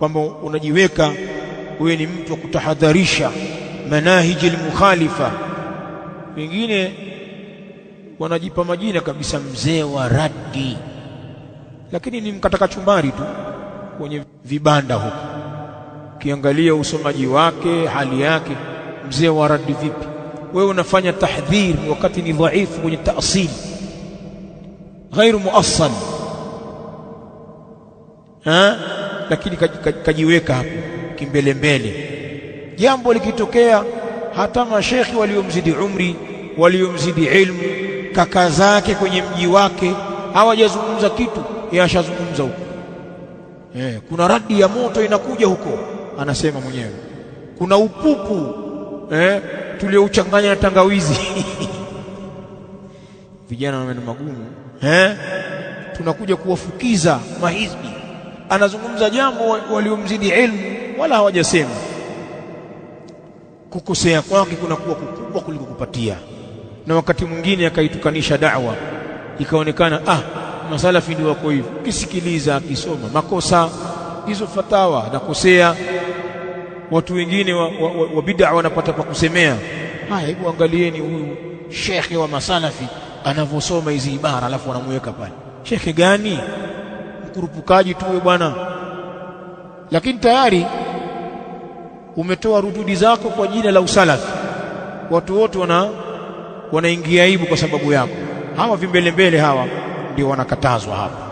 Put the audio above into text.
kwamba unajiweka wewe ni mtu wa kutahadharisha manahiji almukhalifa. Wengine wanajipa majina kabisa, mzee wa raddi, lakini ni mkataka chumbari tu kwenye vibanda huko. Ukiangalia usomaji wake, hali yake, mzee wa raddi vipi? Wewe unafanya tahdhir wakati ni dhaifu kwenye taasili, ghairu muassal ha lakini kajiweka hapo kimbelembele. Jambo likitokea, hata mashekhi waliomzidi umri, waliomzidi ilmu, kaka zake kwenye mji wake hawajazungumza kitu, yashazungumza huko. Eh, kuna radi ya moto inakuja huko, anasema mwenyewe. Kuna upupu eh, tuliouchanganya na tangawizi vijana na magumu eh, tunakuja kuwafukiza mahizbi anazungumza jambo waliomzidi ilmu wala hawajasema. Kukosea kwake kunakuwa kukubwa kuliko kupatia, na wakati mwingine akaitukanisha da'wa, ikaonekana ah, masalafi ndio wako hivyo. Ukisikiliza akisoma makosa hizo fatawa, nakosea. Watu wengine wa, wa, wa, wa bid'a wanapata pa kusemea. Haya, hebu angalieni huyu shekhe wa masalafi anavyosoma hizi ibara, alafu wanamuweka pale shekhe gani? ukurupukaji tuwe bwana, lakini tayari umetoa rududi zako kwa jina la usalafi. Watu wote wana wanaingia aibu kwa sababu yako. Hawa vimbelembele hawa ndio wanakatazwa hapa.